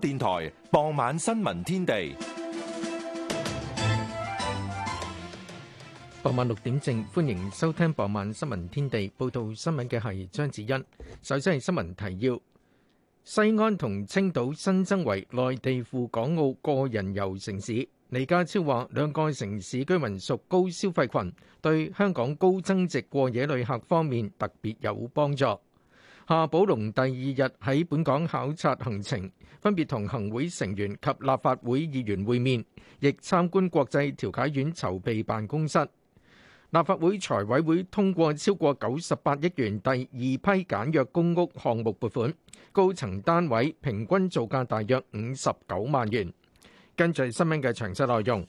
電台傍晚新聞天地，傍晚六點正，歡迎收聽傍晚新聞天地。報道新聞嘅係張子欣。首先係新聞提要：西安同青島新增為內地赴港澳個人遊城市。李家超話，兩個城市居民屬高消費群，對香港高增值過夜旅客方面特別有幫助。夏寶龍第二日喺本港考察行程，分別同行會成員及立法會議員會面，亦參觀國際調解院籌備辦公室。立法會財委會通過超過九十八億元第二批簡約公屋項目撥款，高層單位平均造價大約五十九萬元。跟住係新聞嘅詳細內容：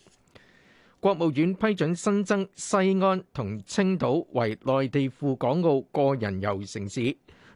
國務院批准新增西安同青島為內地赴港澳個人遊城市。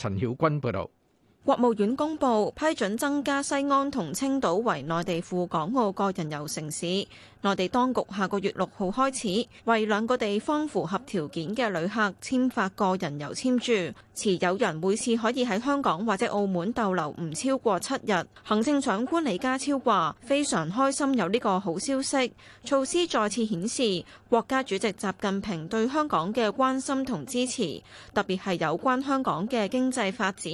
陳曉君報導。S S 國務院公布批准增加西安同青島為內地赴港澳個人遊城市。內地當局下個月六號開始，為兩個地方符合條件嘅旅客簽發個人遊簽注，持有人每次可以喺香港或者澳門逗留唔超過七日。行政長官李家超話非常開心有呢個好消息，措施再次顯示國家主席習近平對香港嘅關心同支持，特別係有關香港嘅經濟發展。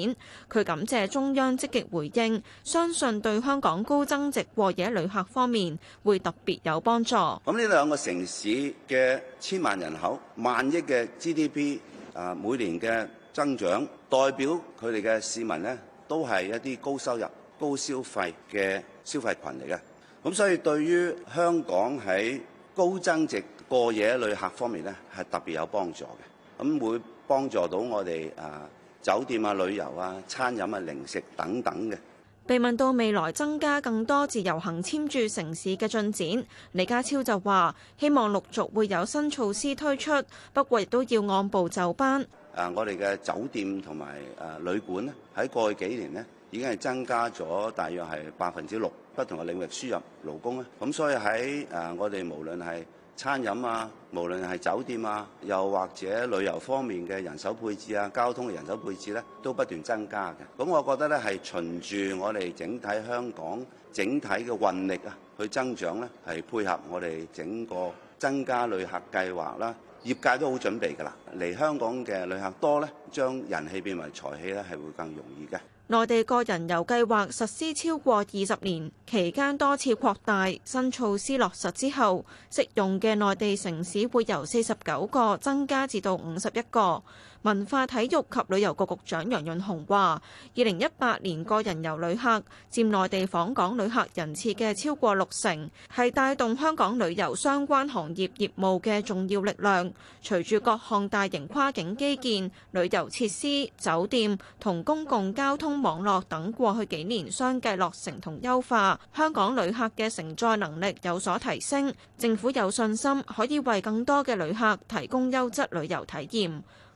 佢感感謝中央積極回應，相信對香港高增值過夜旅客方面會特別有幫助。咁呢兩個城市嘅千萬人口、萬億嘅 GDP，啊每年嘅增長，代表佢哋嘅市民呢，都係一啲高收入、高消費嘅消費群嚟嘅。咁所以對於香港喺高增值過夜旅客方面呢，係特別有幫助嘅。咁會幫助到我哋啊。呃酒店啊、旅遊啊、餐飲啊、零食等等嘅。被問到未來增加更多自由行簽注城市嘅進展，李家超就話：希望陸續會有新措施推出，不過亦都要按部就班。誒、啊，我哋嘅酒店同埋誒旅館咧，喺過去幾年咧，已經係增加咗大約係百分之六，不同嘅領域輸入勞工咧，咁所以喺誒、啊、我哋無論係餐飲啊，無論係酒店啊，又或者旅遊方面嘅人手配置啊，交通嘅人手配置咧，都不斷增加嘅。咁我覺得咧，係循住我哋整體香港整體嘅運力啊，去增長咧，係配合我哋整個增加旅客計劃啦，業界都好準備㗎啦。嚟香港嘅旅客多咧，將人氣變為財氣咧，係會更容易嘅。內地個人遊計劃實施超過二十年，期間多次擴大，新措施落實之後，適用嘅內地城市會由四十九個增加至到五十一個。文化、體育及旅遊局局長楊潤雄話，二零一八年個人遊旅客佔內地訪港旅客人次嘅超過六成，係帶動香港旅遊相關行業業務嘅重要力量。隨住各項大型跨境基建、旅遊設施、酒店同公共交通網絡等過去幾年相繼落成同優化，香港旅客嘅承載能力有所提升，政府有信心可以為更多嘅旅客提供優質旅遊體驗。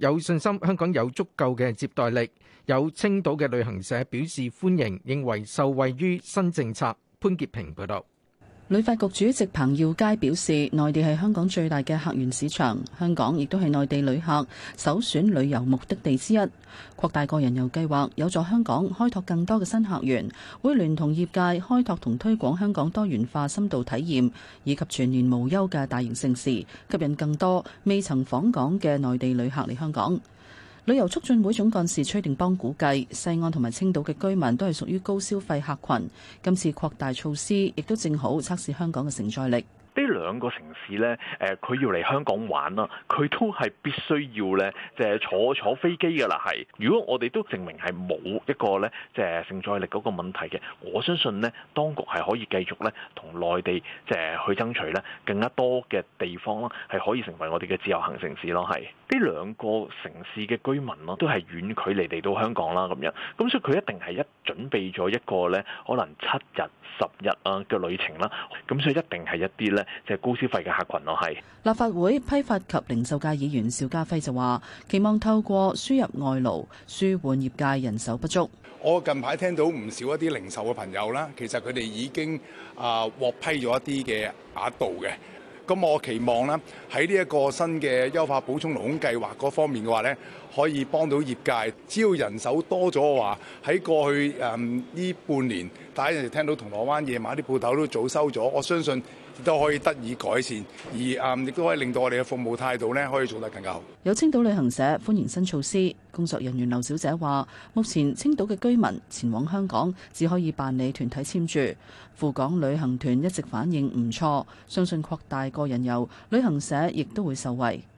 有信心，香港有足夠嘅接待力。有青島嘅旅行社表示歡迎，認為受惠於新政策。潘潔平報道。旅發局主席彭耀佳表示，內地係香港最大嘅客源市場，香港亦都係內地旅客首選旅遊目的地之一。擴大個人遊計劃有助香港開拓更多嘅新客源，會聯同業界開拓同推廣香港多元化深度體驗以及全年無休嘅大型盛事，吸引更多未曾訪港嘅內地旅客嚟香港。旅遊促進會總幹事崔定邦估計，西安同埋青島嘅居民都係屬於高消費客群，今次擴大措施亦都正好測試香港嘅承載力。呢兩個城市咧，誒、呃、佢要嚟香港玩啦，佢都係必須要咧，即、就、係、是、坐坐飛機嘅啦。係，如果我哋都證明係冇一個咧，即係承載力個問題嘅，我相信咧，當局係可以繼續咧，同內地即係去爭取咧，更加多嘅地方啦，係可以成為我哋嘅自由行城市咯。係呢兩個城市嘅居民咯，都係遠距離嚟到香港啦，咁樣咁所以佢一定係一準備咗一個咧，可能七日、十日啊嘅旅程啦，咁所以一定係一啲咧。就係高消費嘅客群咯，係立法會批發及零售界議員邵家輝就話：期望透過輸入外勞，舒緩業界人手不足。我近排聽到唔少一啲零售嘅朋友啦，其實佢哋已經啊獲批咗一啲嘅額度嘅。咁我期望咧，喺呢一個新嘅優化補充勞工計劃嗰方面嘅話咧，可以幫到業界。只要人手多咗嘅話，喺過去誒呢半年，大家有時聽到銅鑼灣夜晚啲鋪頭都早收咗，我相信，都可以得以改善，而啊亦都可以令到我哋嘅服務態度咧可以做得更加好。有青島旅行社歡迎新措施，工作人員劉小姐話，目前青島嘅居民前往香港只可以辦理團體簽注，赴港旅行團一直反應唔錯，相信擴大個人遊，旅行社亦都會受惠。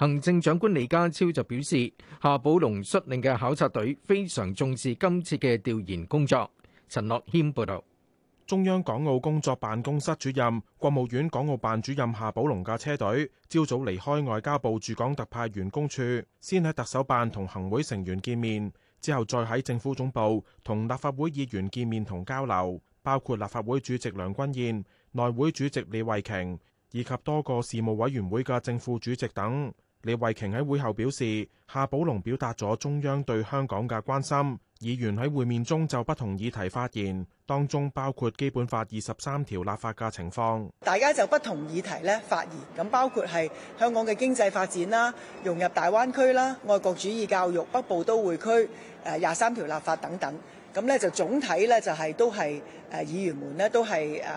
行政長官李家超就表示，夏寶龍率領嘅考察隊非常重視今次嘅調研工作。陳諾謙報導，中央港澳工作辦公室主任、國務院港澳辦主任夏寶龍嘅車隊，朝早離開外交部駐港特派員公署，先喺特首辦同行會成員見面，之後再喺政府總部同立法會議員見面同交流，包括立法會主席梁君彥、內會主席李慧瓊以及多個事務委員會嘅正副主席等。李慧瓊喺會後表示，夏寶龍表達咗中央對香港嘅關心。議員喺會面中就不同議題發言，當中包括基本法二十三條立法嘅情況。大家就不同議題咧發言，咁包括係香港嘅經濟發展啦、融入大灣區啦、愛國主義教育、北部都會區、誒廿三條立法等等。咁咧就總體咧就係、是、都係誒、呃、議員們咧都係誒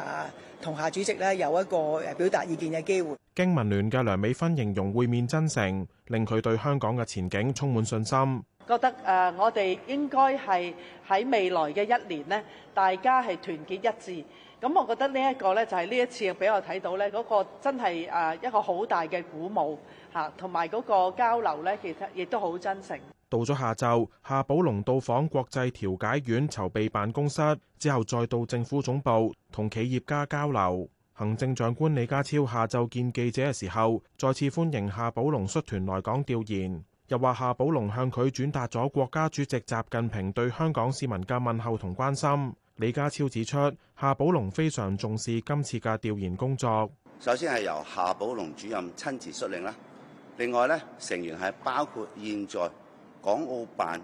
同夏主席咧有一個誒表達意見嘅機會。經民聯嘅梁美芬形容會面真誠，令佢對香港嘅前景充滿信心。覺得誒，我哋應該係喺未來嘅一年咧，大家係團結一致。咁我覺得呢一個呢，就係呢一次俾我睇到呢嗰個真係誒一個好大嘅鼓舞吓，同埋嗰個交流呢，其實亦都好真誠。到咗下晝，夏寶龍到訪國際調解院籌備辦公室，之後，再到政府總部同企業家交流。行政長官李家超下晝見記者嘅時候，再次歡迎夏寶龍率團來港調研，又話夏寶龍向佢轉達咗國家主席習近平對香港市民嘅問候同關心。李家超指出，夏寶龍非常重視今次嘅調研工作，首先係由夏寶龍主任親自率領啦，另外咧，成員係包括現在港澳辦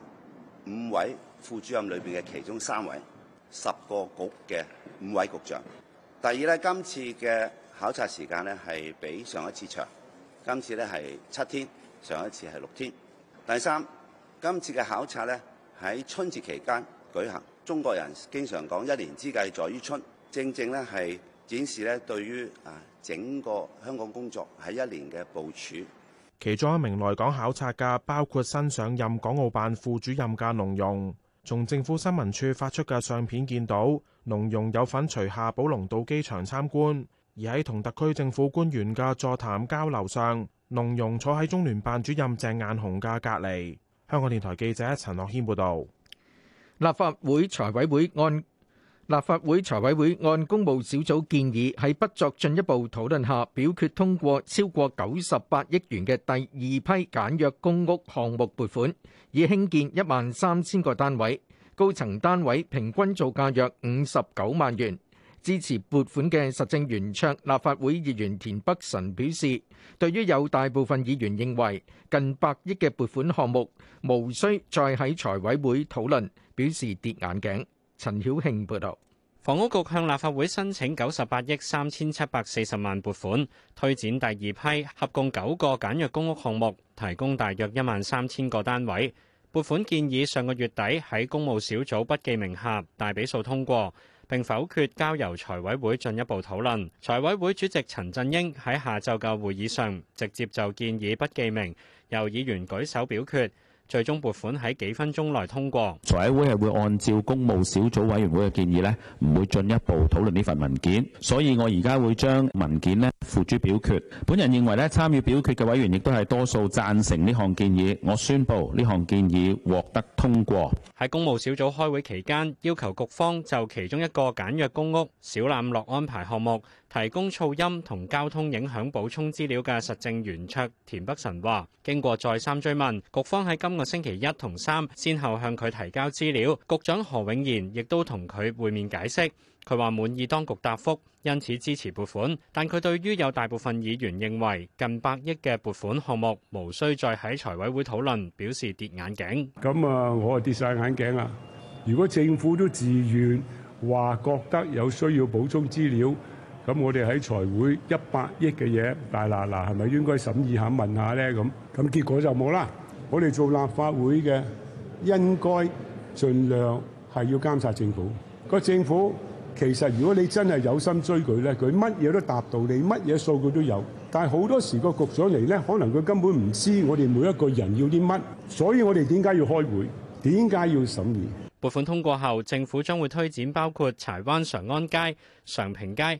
五位副主任裏邊嘅其中三位，十個局嘅五位局長。第二咧，今次嘅考察時間咧係比上一次長，今次咧係七天，上一次係六天。第三，今次嘅考察咧喺春節期間舉行。中國人經常講一年之計在於春，正正咧係展示咧對於啊整個香港工作喺一年嘅部署。其中一名來港考察嘅包括新上任港澳辦副主任嘅農融。從政府新聞處發出嘅相片見到。農融有份隨夏寶龍到機場參觀，而喺同特區政府官員嘅座談交流上，農融坐喺中聯辦主任鄭雁雄嘅隔籬。香港電台記者陳樂謙報道。立法會財委會按立法會財委會按公務小組建議，喺不作進一步討論下，表決通過超過九十八億元嘅第二批簡約公屋項目撥款，以興建一萬三千個單位。高層單位平均造價約五十九萬元。支持撥款嘅實政圓桌立法會議員田北辰表示，對於有大部分議員認為近百億嘅撥款項目無需再喺財委會討論，表示跌眼鏡。陳曉慶報導，房屋局向立法會申請九十八億三千七百四十萬撥款，推展第二批合共九個簡約公屋項目，提供大約一萬三千個單位。撥款建議上個月底喺公務小組不記名下大比數通過，並否決交由財委會進一步討論。財委會主席陳振英喺下晝嘅會議上，直接就建議不記名，由議員舉手表決。最終撥款喺幾分鐘內通過，財委會係會按照公務小組委員會嘅建議，呢唔會進一步討論呢份文件，所以我而家會將文件呢付諸表決。本人認為，呢參與表決嘅委員亦都係多數贊成呢項建議，我宣布呢項建議獲得通過。喺公務小組開會期間，要求局方就其中一個簡約公屋小欖樂安排項目，提供噪音同交通影響補充資料嘅實政圓桌田北辰話，經過再三追問，局方喺今個星期一同三，先後向佢提交資料，局長何永賢亦都同佢會面解釋。佢話滿意當局答覆，因此支持撥款。但佢對於有大部分議員認為近百億嘅撥款項目無需再喺財委會討論，表示跌眼鏡。咁啊，我係跌晒眼鏡啦！如果政府都自願話覺得有需要補充資料。咁我哋喺財會一百億嘅嘢，大嗱嗱係咪應該審議下問下咧？咁咁結果就冇啦。我哋做立法會嘅應該盡量係要監察政府。個政府其實如果你真係有心追佢咧，佢乜嘢都答到你，乜嘢數據都有。但係好多時個局長嚟咧，可能佢根本唔知我哋每一個人要啲乜，所以我哋點解要開會？點解要審議？撥款通過後，政府將會推展包括柴灣常安街、常平街。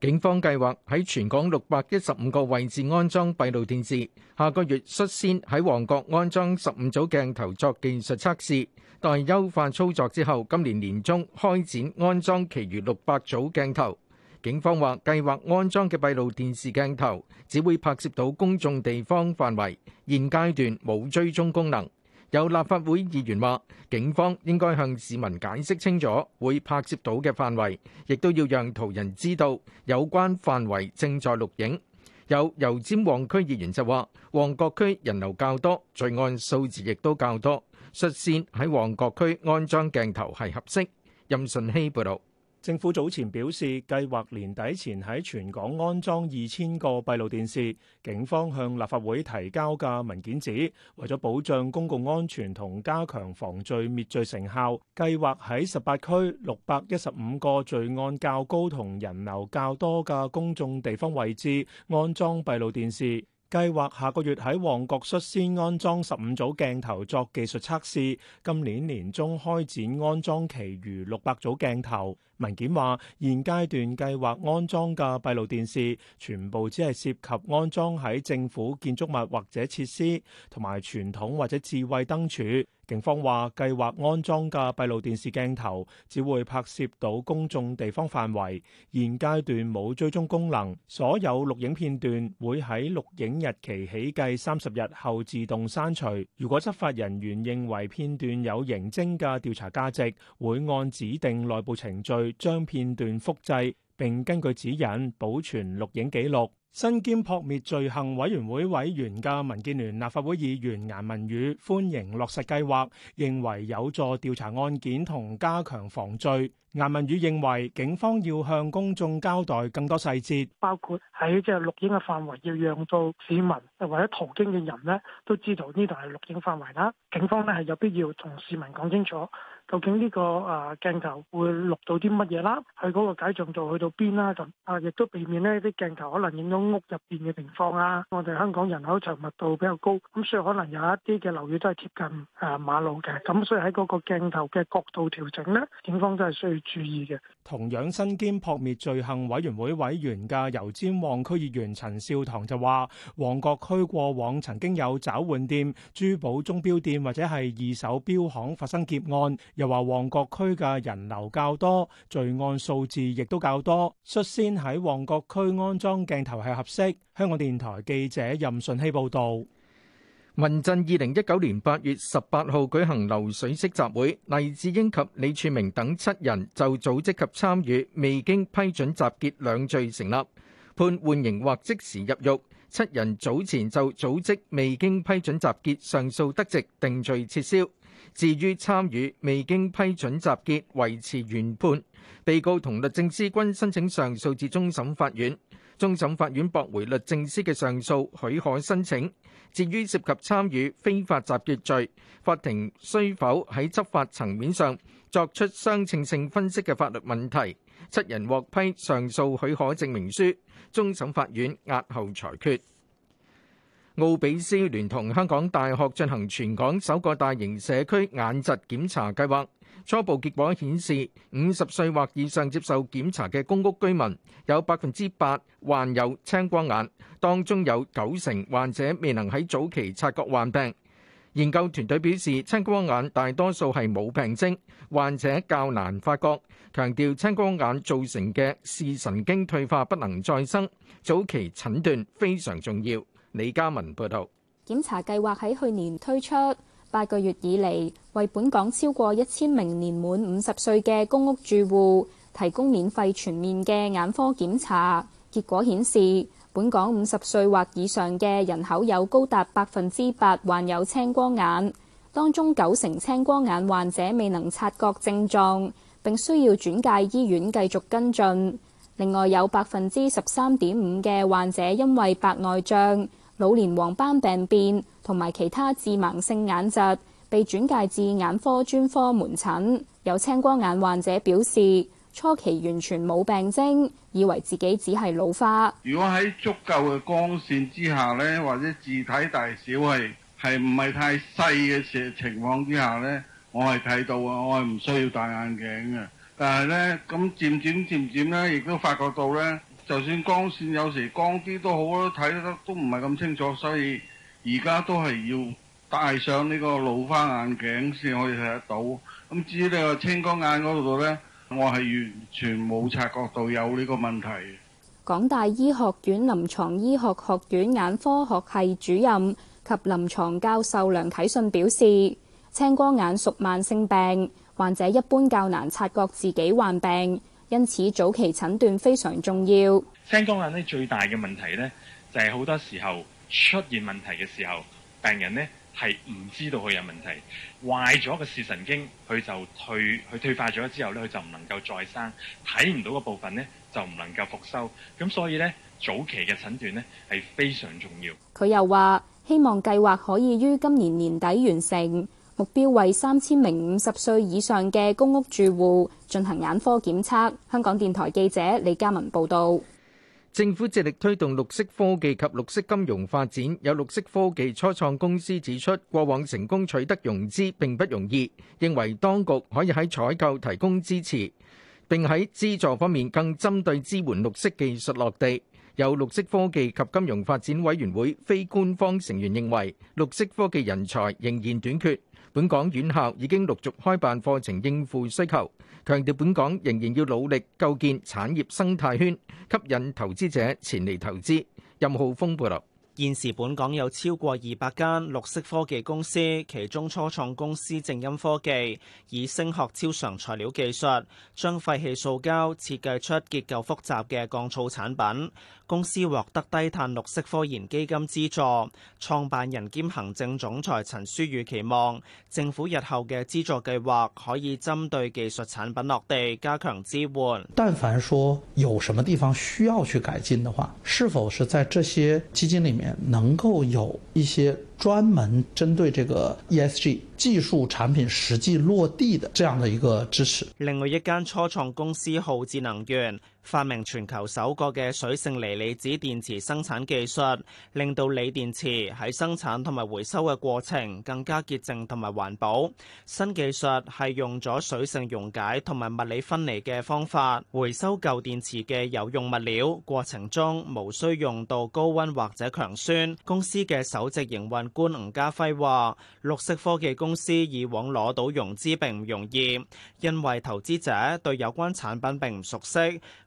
警方計劃喺全港六百一十五個位置安裝閉路電視，下個月率先喺旺角安裝十五組鏡頭作技術測試，待優化操作之後，今年年中開展安裝其餘六百組鏡頭。警方話，計劃安裝嘅閉路電視鏡頭只會拍攝到公眾地方範圍，現階段冇追蹤功能。有立法會議員話，警方應該向市民解釋清楚會拍攝到嘅範圍，亦都要讓途人知道有關範圍正在錄影。有油尖旺區議員就話，旺角區人流較多，罪案數字亦都較多，率先喺旺角區安裝鏡頭係合適。任順希報道。政府早前表示，計劃年底前喺全港安裝二千個閉路電視。警方向立法會提交嘅文件指，為咗保障公共安全同加強防罪滅罪成效，計劃喺十八區六百一十五個罪案較高同人流較多嘅公眾地方位置安裝閉路電視。計劃下個月喺旺角率先安裝十五組鏡頭作技術測試，今年年中開展安裝其餘六百組鏡頭。文件話：現階段計劃安裝嘅閉路電視，全部只係涉及安裝喺政府建築物或者設施，同埋傳統或者智慧燈柱。警方話：計劃安裝嘅閉路電視鏡頭，只會拍攝到公眾地方範圍。現階段冇追蹤功能，所有錄影片段會喺錄影日期起計三十日後自動刪除。如果執法人員認為片段有刑偵嘅調查價值，會按指定內部程序。將片段複製，並根據指引保存錄影記錄。身兼撲滅罪行委員會委員嘅民建聯立法會議員顏文宇歡迎落實計劃，認為有助調查案件同加強防罪。顏文宇認為警方要向公眾交代更多細節，包括喺即係錄影嘅範圍，要讓到市民或者途經嘅人呢都知道呢度係錄影範圍啦。警方呢係有必要同市民講清楚。究竟呢個啊鏡頭會錄到啲乜嘢啦？佢嗰個解像度去到邊啦？咁啊，亦都避免呢啲鏡頭可能影到屋入邊嘅情況啊。我哋香港人口稠密度比較高，咁所以可能有一啲嘅樓宇都係貼近啊馬路嘅，咁所以喺嗰個鏡頭嘅角度調整呢，警方都係需要注意嘅。同樣身兼撲滅罪行委員會委員嘅油尖旺區議員陳少棠就話：旺角區過往曾經有找換店、珠寶鐘錶店或者係二手錶行發生劫案，又話旺角區嘅人流較多，罪案數字亦都較多，率先喺旺角區安裝鏡頭係合適。香港電台記者任順希報導。民陣二零一九年八月十八號舉行流水式集會，黎智英及李柱明等七人就組織及參與未經批准集結兩罪成立，判緩刑或即時入獄。七人早前就組織未經批准集結上訴得直，定罪撤銷。至於參與未經批准集結，維持原判。被告同律政司均申請上訴至終審法院。終審法院駁回律政司嘅上訴許可申請。至於涉及參與非法集結罪，法庭需否喺執法層面上作出相稱性分析嘅法律問題，七人獲批上訴許可證明書，終審法院押後裁決。奧比斯聯同香港大學進行全港首個大型社區眼疾檢查計劃。初步結果顯示，五十歲或以上接受檢查嘅公屋居民有百分之八患有青光眼，當中有九成患者未能喺早期察覺患病。研究團隊表示，青光眼大多數係冇病徵，患者較難發覺。強調青光眼造成嘅視神經退化不能再生，早期診斷非常重要。李嘉文報道。檢查計劃喺去年推出。八個月以嚟，為本港超過一千名年滿五十歲嘅公屋住戶提供免費全面嘅眼科檢查，結果顯示，本港五十歲或以上嘅人口有高達百分之八患有青光眼，當中九成青光眼患者未能察覺症狀，並需要轉介醫院繼續跟進。另外有，有百分之十三點五嘅患者因為白內障、老年黃斑病變同埋其他致盲性眼疾，被轉介至眼科專科門診。有青光眼患者表示，初期完全冇病徵，以為自己只係老化。如果喺足夠嘅光線之下呢，或者字體大小係係唔係太細嘅情況之下呢，我係睇到啊，我係唔需要戴眼鏡嘅。但係呢，咁漸漸漸漸呢，亦都發覺到呢。就算光線有時光啲都好咯，睇得都唔係咁清楚，所以而家都係要戴上呢個老花眼鏡先可以睇得到。咁至於呢個青光眼嗰度呢，我係完全冇察覺到有呢個問題。港大醫學院臨床醫學學院眼科學系主任及臨床教授梁啟信表示，青光眼屬慢性病，患者一般較難察覺自己患病。因此，早期診斷非常重要。青光眼呢，最大嘅問題呢，就係、是、好多時候出現問題嘅時候，病人呢係唔知道佢有問題。壞咗個視神經，佢就退，佢退化咗之後呢，佢就唔能夠再生，睇唔到嘅部分呢，就唔能夠復修。咁所以呢，早期嘅診斷呢係非常重要。佢又話，希望計劃可以於今年年底完成。目標為三千名五十歲以上嘅公屋住戶進行眼科檢測。香港電台記者李嘉文報道。政府致力推動綠色科技及綠色金融發展。有綠色科技初創公司指出，過往成功取得融資並不容易，認為當局可以喺採購提供支持，並喺資助方面更針對支援綠色技術落地。有綠色科技及金融發展委員會非官方成員認為，綠色科技人才仍然短缺。本港院校已經陸續開辦課程，應付需求。強調本港仍然要努力構建產業生態圈，吸引投資者前嚟投資。任浩峰報道。現時本港有超過二百間綠色科技公司，其中初創公司正音科技以聲學超常材料技術，將廢棄塑膠設計出結構複雜嘅降噪產品。公司獲得低碳綠色科研基金資助，創辦人兼行政總裁陳書宇期望政府日後嘅資助計劃可以針對技術產品落地加強支援。但凡說有什麼地方需要去改進嘅話，是否是在這些基金裡面能夠有一些？專門針對這個 ESG 技術產品實際落地的這樣的一個支持。另外一間初創公司浩智能源發明全球首個嘅水性鋰離子電池生產技術，令到鋰電池喺生產同埋回收嘅過程更加潔淨同埋環保。新技術係用咗水性溶解同埋物理分離嘅方法回收舊電池嘅有用物料，過程中無需用到高温或者強酸。公司嘅首席營運官吳家輝話，綠色科技公司以往攞到融資並唔容易，因為投資者對有關產品並唔熟悉。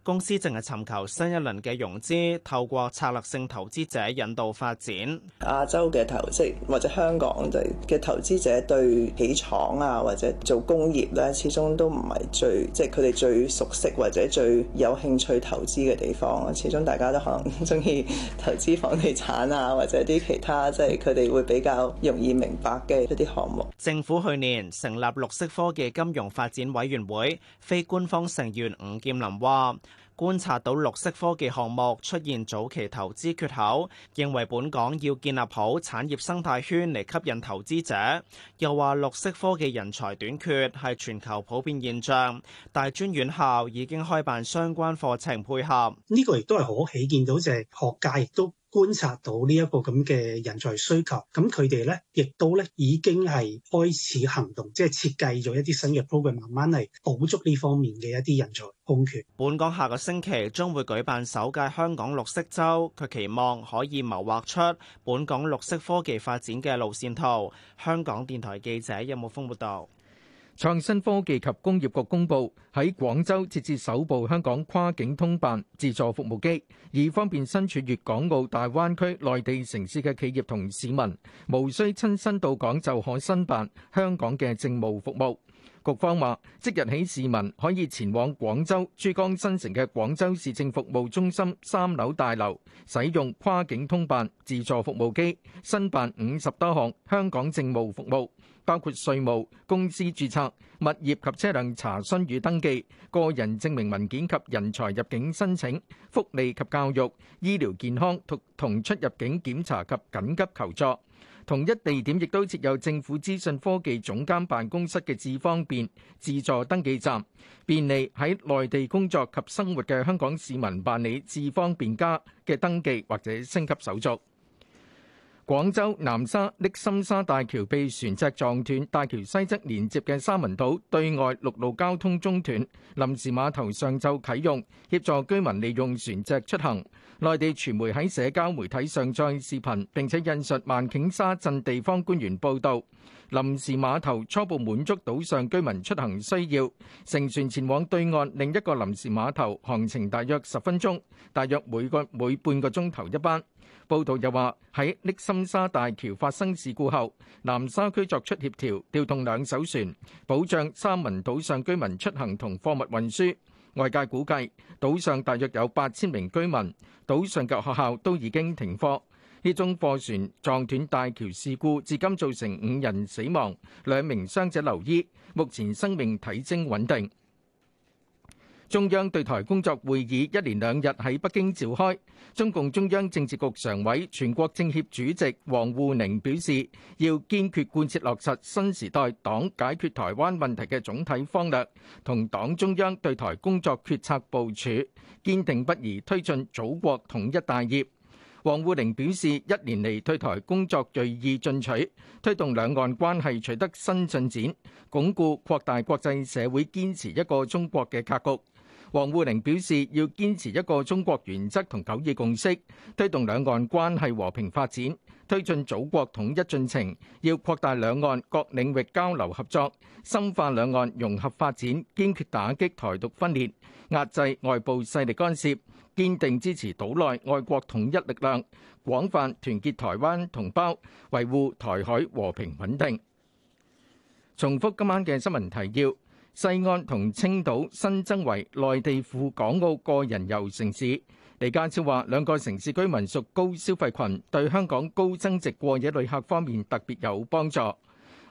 公司淨係尋求新一輪嘅融資，透過策略性投資者引導發展。亞洲嘅投資或者香港嘅投資者對起廠啊，或者做工業咧，始終都唔係最即係佢哋最熟悉或者最有興趣投資嘅地方。始終大家都可能中意投資房地產啊，或者啲其他即係佢哋會比較容易明白嘅一啲項目。政府去年成立綠色科技金融發展委員會，非官方成員吳劍林話。觀察到綠色科技項目出現早期投資缺口，認為本港要建立好產業生態圈嚟吸引投資者。又話綠色科技人才短缺係全球普遍現象，大專院校已經開辦相關課程配合。呢個亦都係可喜見到就係、是、學界亦都。觀察到呢一個咁嘅人才需求，咁佢哋咧，亦都咧已經係開始行動，即係設計咗一啲新嘅 program，慢慢嚟補足呢方面嘅一啲人才空缺。本港下個星期將會舉辦首屆香港綠色週，佢期望可以謀劃出本港綠色科技發展嘅路線圖。香港電台記者任木峯報道。創新科技及工業局公佈，喺廣州設置首部香港跨境通辦自助服務機，以方便身處粵港澳大灣區內地城市嘅企業同市民，無需親身到港就可申辦香港嘅政務服務。局方話，即日起市民可以前往廣州珠江新城嘅廣州市政服務中心三樓大樓，使用跨境通辦自助服務機，申辦五十多項香港政務服務，包括稅務、公司註冊、物業及車輛查詢與登記、個人證明文件及人才入境申請、福利及教育、醫療健康同同出入境檢查及緊急求助。同一地點亦都設有政府資訊科技總監辦公室嘅智方便自助登記站，便利喺內地工作及生活嘅香港市民辦理智方便家嘅登記或者升級手續。廣州南沙瀝心沙大橋被船隻撞斷，大橋西側連接嘅沙文島對外陸路交通中斷，臨時碼頭上晝啟用，協助居民利用船隻出行。內地傳媒喺社交媒體上載視頻，並且引述萬頃沙鎮地方官員報道：臨時碼頭初步滿足島上居民出行需要，乘船前往對岸另一個臨時碼頭，航程大約十分鐘，大約每個每半個鐘頭一班。報道又話喺瀝心沙大橋發生事故後，南沙區作出協調，調動兩艘船，保障三民島上居民出行同貨物運輸。外界估計，島上大約有八千名居民，島上嘅學校都已經停課。呢宗貨船撞斷大橋事故，至今造成五人死亡，兩名傷者留醫，目前生命體徵穩定。中央對台工作會議一連兩日喺北京召開。中共中央政治局常委、全國政協主席王滬寧表示，要堅決貫徹落實新時代黨解決台灣問題嘅總體方略，同黨中央對台工作決策部署，堅定不移推進祖國統一大業。王滬寧表示，一年嚟對台工作鋭意進取，推動兩岸關係取得新進展，鞏固擴大國際社會堅持一個中國嘅格局。王滬寧表示，要堅持一個中國原則同九二共識，推動兩岸關係和平發展，推進祖國統一進程。要擴大兩岸各領域交流合作，深化兩岸融合發展，堅決打擊台獨分裂，壓制外部勢力干涉，堅定支持島內愛國統一力量，廣泛團結台灣同胞，維護台海和平穩定。重複今晚嘅新聞提要。西安同青島新增為內地赴港澳個人遊城市。李家超話：兩個城市居民屬高消費群，對香港高增值過夜旅客方面特別有幫助。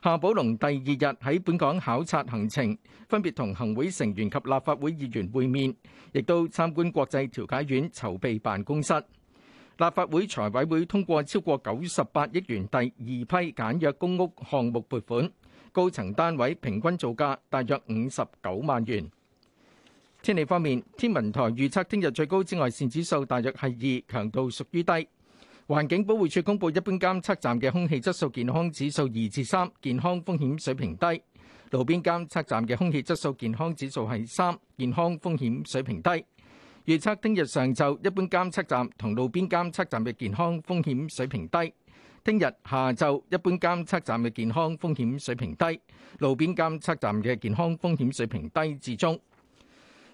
夏寶龍第二日喺本港考察行程，分別同行會成員及立法會議員會面，亦都參觀國際調解院籌備辦公室。立法會財委會通過超過九十八億元第二批簡約公屋項目撥款。高層單位平均造價大約五十九萬元。天氣方面，天文台預測聽日最高紫外綫指數大約係二，強度屬於低。環境保護署公布一般監測站嘅空氣質素健康指數二至三，健康風險水平低。路邊監測站嘅空氣質素健康指數係三，健康風險水平低。預測聽日上晝一般監測站同路邊監測站嘅健康風險水平低。聽日下晝一般監測站嘅健康風險水平低，路邊監測站嘅健康風險水平低至中。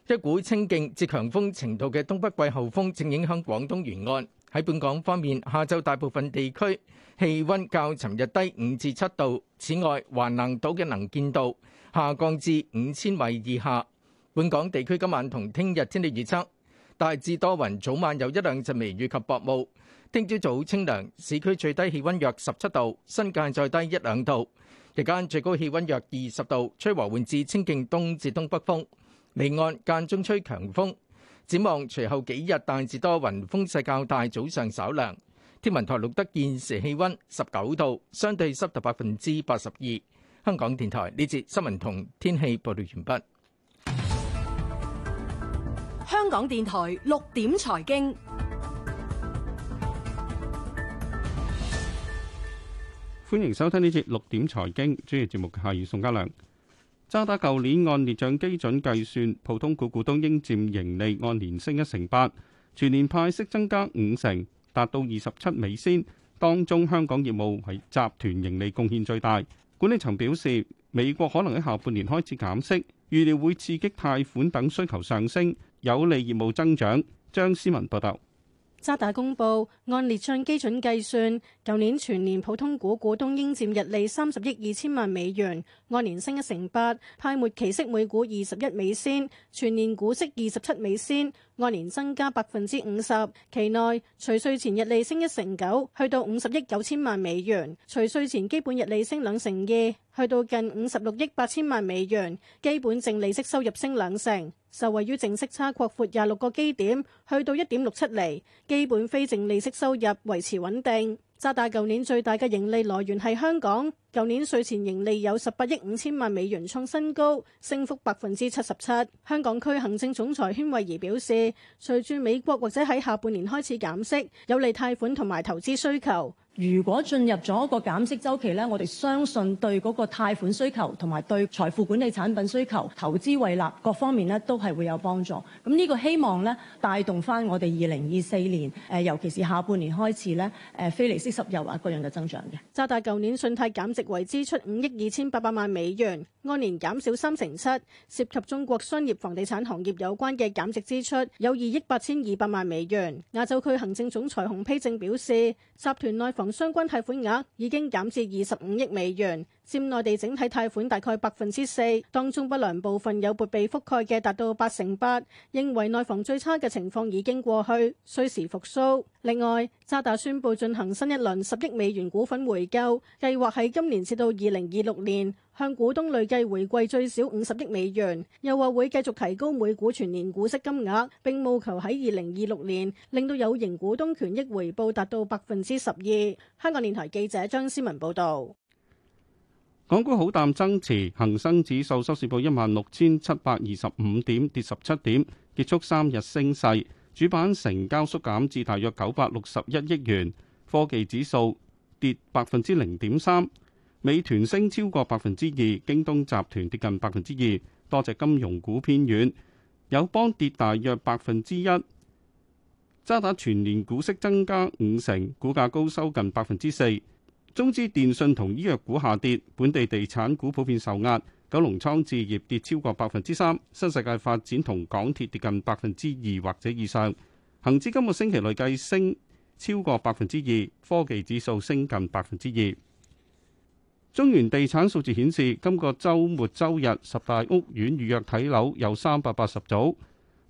一股清勁至強風程度嘅東北季候風正影響廣東沿岸。喺本港方面，下晝大部分地區氣温較尋日低五至七度。此外，還能島嘅能見度下降至五千米以下。本港地區今晚同聽日天氣預測，大致多雲，早晚有一兩陣微雨及薄霧。聽朝早清涼，市區最低氣温約十七度，新界再低一兩度。日間最高氣温約二十度，吹和緩至清勁東至東北風。離岸間中吹強風。展望隨後幾日大致多雲，風勢較大，早上稍涼。天文台錄得現時氣温十九度，相對濕度百分之八十二。香港電台呢節新聞同天氣報道完畢。香港電台六點財經。歡迎收聽呢節六點財經專業節目，係宋嘉良。渣打舊年按列賬基準計算，普通股股東應佔盈利按年升一成八，全年派息增加五成，達到二十七美仙。當中香港業務為集團盈利貢獻最大。管理層表示，美國可能喺下半年開始減息，預料會刺激貸款等需求上升，有利業務增長。張思文報道。渣打公佈按列賬基準計算，舊年全年普通股股東應佔溢利三十億二千萬美元，按年升一成八，派末期息每股二十一美仙，全年股息二十七美仙，按年增加百分之五十。期內除稅前溢利升一成九，去到五十億九千萬美元；除稅前基本溢利升兩成二，去到近五十六億八千萬美元，基本淨利息收入升兩成。就位於淨息差擴闊廿六個基點，去到一點六七厘，基本非淨利息收入維持穩定。渣打舊年最大嘅盈利來源係香港，舊年稅前盈利有十八億五千萬美元，創新高，升幅百分之七十七。香港區行政總裁禤惠儀表示，隨住美國或者喺下半年開始減息，有利貸款同埋投資需求。如果進入咗一個減息周期呢，我哋相信對嗰個貸款需求同埋對財富管理產品需求、投資為納各方面呢都係會有幫助，咁呢個希望呢，帶動翻我哋二零二四年誒，尤其是下半年開始呢，誒，非利息收入啊各樣嘅增長嘅。渣打舊年信貸減值為支出五億二千八百萬美元，按年減少三成七，涉及中國商業房地產行業有關嘅減值支出有二億八千二百萬美元。亞洲區行政總裁洪丕正表示，集團內房相關貸款額已經減至二十五億美元。佔內地整體貸款大概百分之四，當中不良部分有撥備覆蓋嘅達到八成八。認為內房最差嘅情況已經過去，需時復甦。另外，渣打宣布進行新一輪十億美元股份回購計劃，喺今年至到二零二六年向股東累計回饋最少五十億美元。又話會繼續提高每股全年股息金額，並務求喺二零二六年令到有形股東權益回報達到百分之十二。香港電台記者張思文報導。港股好淡，增持。恒生指數收市報一萬六千七百二十五點，跌十七點，結束三日升勢。主板成交縮減至大約九百六十一億元。科技指數跌百分之零點三。美團升超過百分之二，京東集團跌近百分之二，多隻金融股偏軟。友邦跌大約百分之一。渣打全年股息增加五成，股價高收近百分之四。中資電信同醫藥股下跌，本地地產股普遍受壓，九龍倉置業跌超過百分之三，新世界發展同港鐵跌近百分之二或者以上，恆指今個星期累計升超過百分之二，科技指數升近百分之二。中原地產數字顯示，今個周末周日十大屋苑預約睇樓有三百八十組，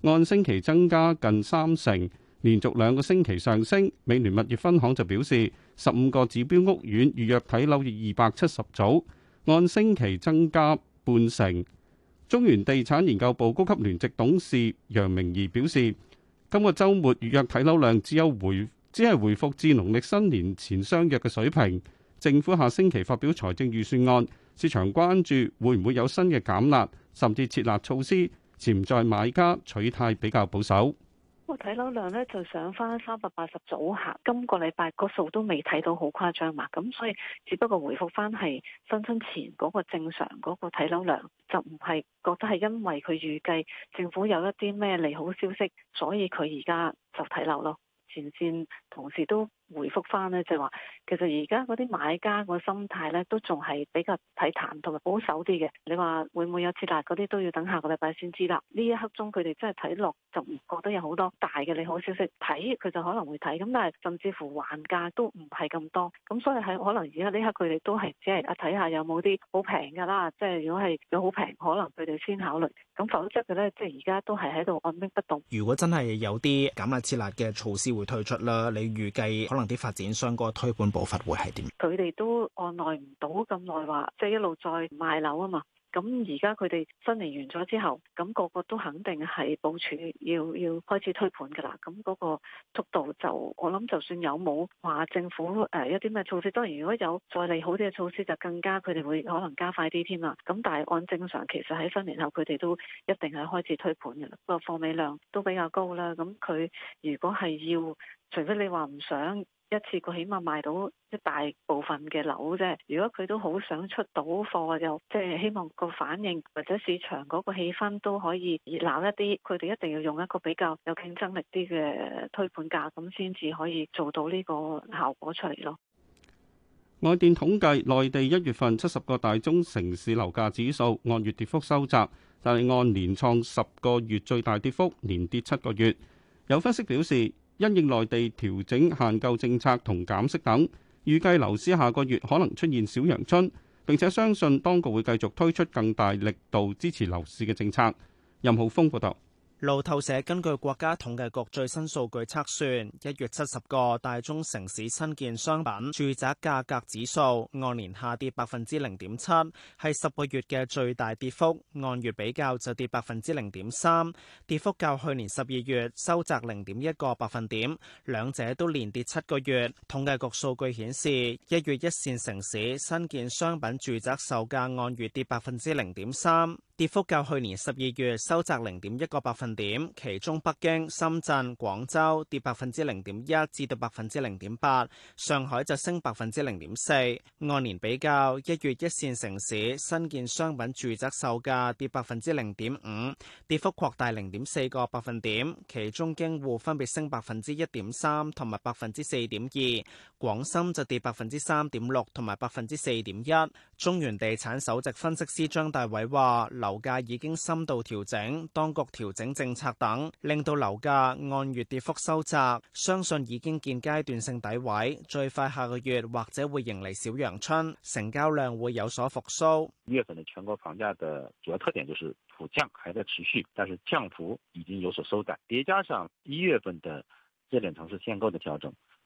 按星期增加近三成。連續兩個星期上升，美聯物業分行就表示，十五個指標屋苑預約睇樓以二百七十組，按星期增加半成。中原地產研究部高級聯席董事楊明儀表示，今個週末預約睇樓量只有回只係回復至農曆新年前相約嘅水平。政府下星期發表財政預算案，市場關注會唔會有新嘅減辣甚至設立措施，潛在買家取態比較保守。個睇樓量呢就上翻三百八十組客，今個禮拜個數都未睇到好誇張嘛，咁所以只不過回覆翻係新春前嗰個正常嗰個睇樓量，就唔係覺得係因為佢預計政府有一啲咩利好消息，所以佢而家就睇樓咯。前線同事都。回覆翻咧，就話其實而家嗰啲買家個心態咧，都仲係比較睇淡同埋保守啲嘅。你話會唔會有設立嗰啲，都要等下個禮拜先知啦。呢一刻鐘佢哋真係睇落就唔覺得有好多大嘅利好消息，睇佢就可能會睇。咁但係甚至乎還價都唔係咁多，咁所以喺可能而家呢刻佢哋都係只係啊睇下有冇啲好平㗎啦。即係如果係有好平，可能佢哋先考慮。咁否則嘅咧，即係而家都係喺度按兵不動。如果真係有啲減壓設立嘅措施會推出啦，你預計？可能啲發展商個推盤步伐會係點？佢哋都按耐唔到咁耐，話，即係一路再賣樓啊嘛。咁而家佢哋新年完咗之後，咁、那個個都肯定係部署要要開始推盤㗎啦。咁嗰個速度就我諗，就算有冇話政府誒一啲咩措施，當然如果有再利好啲嘅措施，就更加佢哋會可能加快啲添啦。咁但係按正常，其實喺新年後佢哋都一定係開始推盤㗎啦。不過貨尾量都比較高啦。咁佢如果係要，除非你話唔想。一次過起碼賣到一大部分嘅樓啫。如果佢都好想出到貨，就即係希望個反應或者市場嗰個氣氛都可以熱鬧一啲。佢哋一定要用一個比較有競爭力啲嘅推盤價，咁先至可以做到呢個效果出嚟咯。外電統計內地一月份七十個大中城市樓價指數按月跌幅收窄，但係按年創十個月最大跌幅，連跌七個月。有分析表示，因應內地調整限購政策同減息等，預計樓市下個月可能出現小陽春，並且相信當局會繼續推出更大力度支持樓市嘅政策。任浩峰報道。路透社根據國家統計局最新數據測算，一月七十個大中城市新建商品住宅價格指數按年下跌百分之零點七，係十個月嘅最大跌幅；按月比較就跌百分之零點三，跌幅較去年十二月收窄零點一個百分點，兩者都連跌七個月。統計局數據顯示，一月一線城市新建商品住宅售價按月跌百分之零點三。跌幅較去年十二月收窄零點一個百分點，其中北京、深圳、廣州跌百分之零點一至到百分之零點八，上海就升百分之零點四。按年比較，一月一線城市新建商品住宅售價跌百分之零點五，跌幅擴大零點四個百分點，其中京滬分別升百分之一點三同埋百分之四點二，廣深就跌百分之三點六同埋百分之四點一。中原地產首席分析師張大偉話。樓價已經深度調整，當局調整政策等，令到樓價按月跌幅收窄，相信已經見階段性底位，最快下個月或者會迎嚟小陽春，成交量會有所復甦。一月份的全國房價的主要特點就是普降還在持續，但是降幅已經有所收窄，疊加上一月份的熱點城市限購的調整。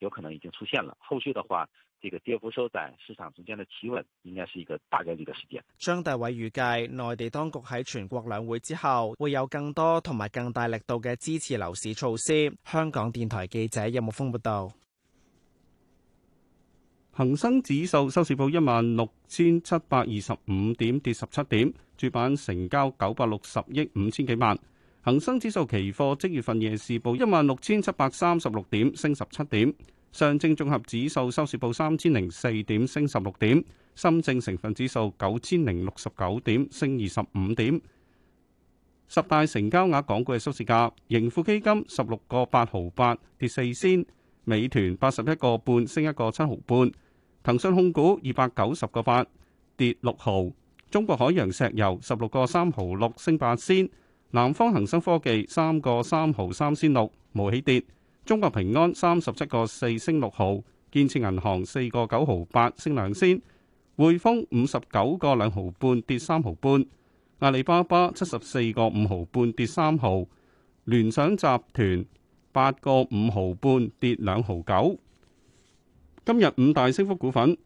有可能已經出現了，後續的話，這個跌幅收窄，市場之間的企穩，應該是一個大概率的事件。張大偉預計，內地當局喺全國兩會之後，會有更多同埋更大力度嘅支持樓市措施。香港電台記者任木峰報道。恒生指數收市報一萬六千七百二十五點，跌十七點，主板成交九百六十億五千幾萬。恒生指數期貨即月份夜市報一萬六千七百三十六點，升十七點。上證綜合指數收市報三千零四點，升十六點。深證成分指數九千零六十九點，升二十五點。十大成交額港股嘅收市價：盈富基金十六個八毫八，跌四仙；美團八十一個半，升一個七毫半；騰訊控股二百九十個八，跌六毫；中國海洋石油十六個三毫六，升八仙。南方恒生科技三個三毫三仙六，冇起跌。中國平安三十七個四升六毫，建設銀行四個九毫八升兩仙，匯豐五十九個兩毫半跌三毫半，阿里巴巴七十四個五毫半跌三毫，聯想集團八個五毫半跌兩毫九。今日五大升幅股份，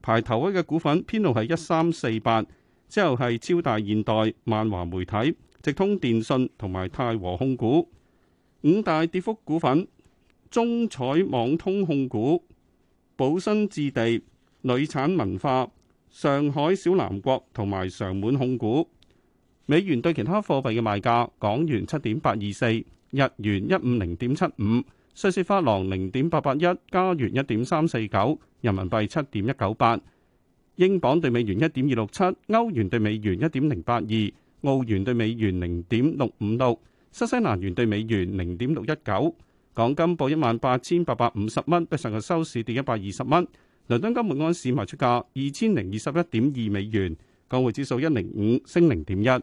排頭位嘅股份編號係一三四八，之後係超大現代、萬華媒體。直通電訊同埋泰和控股五大跌幅股份：中彩網通控股、寶新置地、女產文化、上海小南國同埋常滿控股。美元對其他貨幣嘅賣價：港元七點八二四，日元一五零點七五，瑞士法郎零點八八一，加元一點三四九，人民幣七點一九八，英鎊對美元一點二六七，歐元對美元一點零八二。澳元兌美元零點六五六，新西蘭元兌美元零點六一九，港金報一萬八千八百五十蚊，比上日收市跌一百二十蚊。倫敦金每盎司賣出價二千零二十一點二美元，港匯指數一零五升零點一。